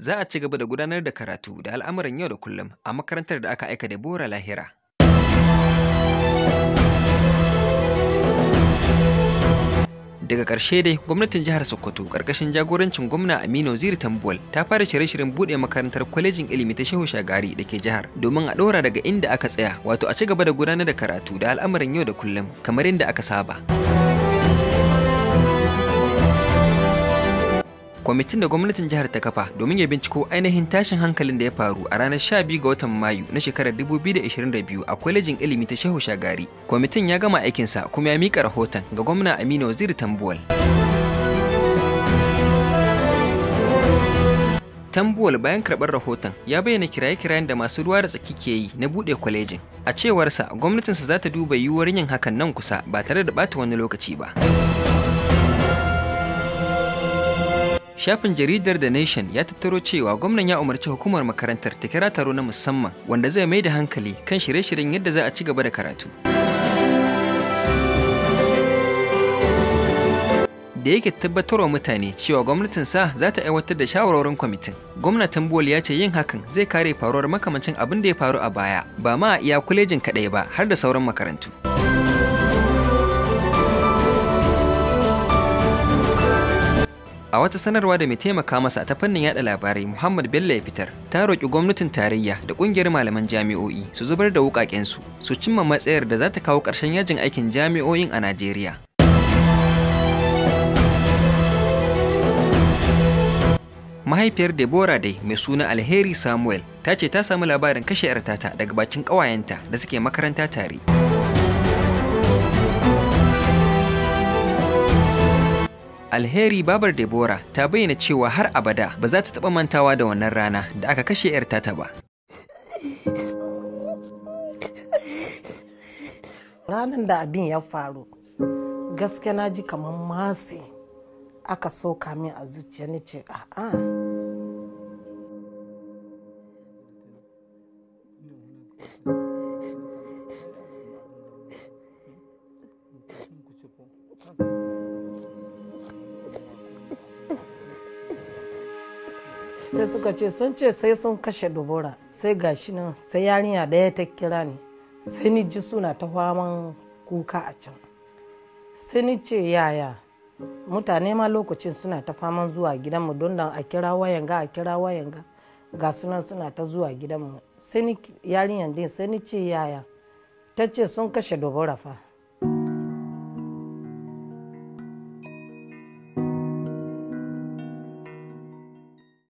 za a ci gaba da gudanar da karatu da al'amuran yau da kullum a makarantar da aka aika da bora lahira daga ƙarshe dai gwamnatin jihar sokoto ƙarƙashin jagorancin gwamna aminu ziri tambuwal ta fara shirye-shiryen buɗe makarantar kwalejin ilimi ta shehu shagari da ke jihar domin a ɗora daga inda aka tsaya wato a ci gaba da gudanar da karatu da al'amuran yau da kullum kamar yadda aka saba. kwamitin da gwamnatin jihar ta kafa domin ya binciko ainihin tashin hankalin da ya faru a ranar 12 ga watan Mayu na shekarar 2022 a kwalejin ilimi ta Shehu Shagari. Kwamitin ya gama aikinsa kuma ya mika rahoton ga gwamna Aminu Waziri Tambuwal. Tambuwal bayan karɓar rahoton ya bayyana kiraye-kirayen da masu ruwa da tsaki ke yi na buɗe kwalejin. A cewarsa gwamnatinsa za ta duba yiwuwar yin hakan nan kusa ba tare da ɓata wani lokaci ba. Shafin jaridar The Nation ya tattaro cewa gwamnan ya umarci hukumar makarantar ta kira taro na musamman wanda zai mai da hankali kan shirye-shiryen yadda za a ci gaba da karatu. da yake wa mutane cewa gwamnatinsa za ta aiwatar da shawarwarin kwamitin. Gwamnatin Bol ya ce yin hakan zai kare faruwar makamancin abin da ya faru a baya, ba ma iya kulejin kaɗai ba har da sauran makarantu. A wata sanarwa da mai taimaka masa ta fannin yada labarai Muhammad Bello ya fitar, ta roƙi gwamnatin tarayya da ƙungiyar malaman jami'o'i su zubar da wuƙaƙen su, su cimma matsayar da za ta kawo ƙarshen yajin aikin jami'o'in a Najeriya. mahaifiyar Deborah dai mai suna Alheri Samuel ta ce ta samu labarin kashe 'yar tata daga bakin ƙawayenta da suke makaranta tare. alheri babar Debora ta bayyana cewa har abada ba za ta taɓa mantawa da wannan rana da aka kashe 'yar tata ba. Ranar da abin ya faru, gaske na ji kamar masi aka soka min a zuciya ni ce a'a. sai suka ce sun ce sai sun kashe dubura sai gashi nan sai yarinya ɗaya ta kira ni sai ni ji suna ta faman kuka a can sai ni ce yaya mutane ma lokacin suna ta faman zuwa gidanmu don da a kira wayan ga a kira wayan ga ga sunan suna ta zuwa gidanmu sai ni yarinya din sai ni ce yaya ta ce sun kashe dubura fa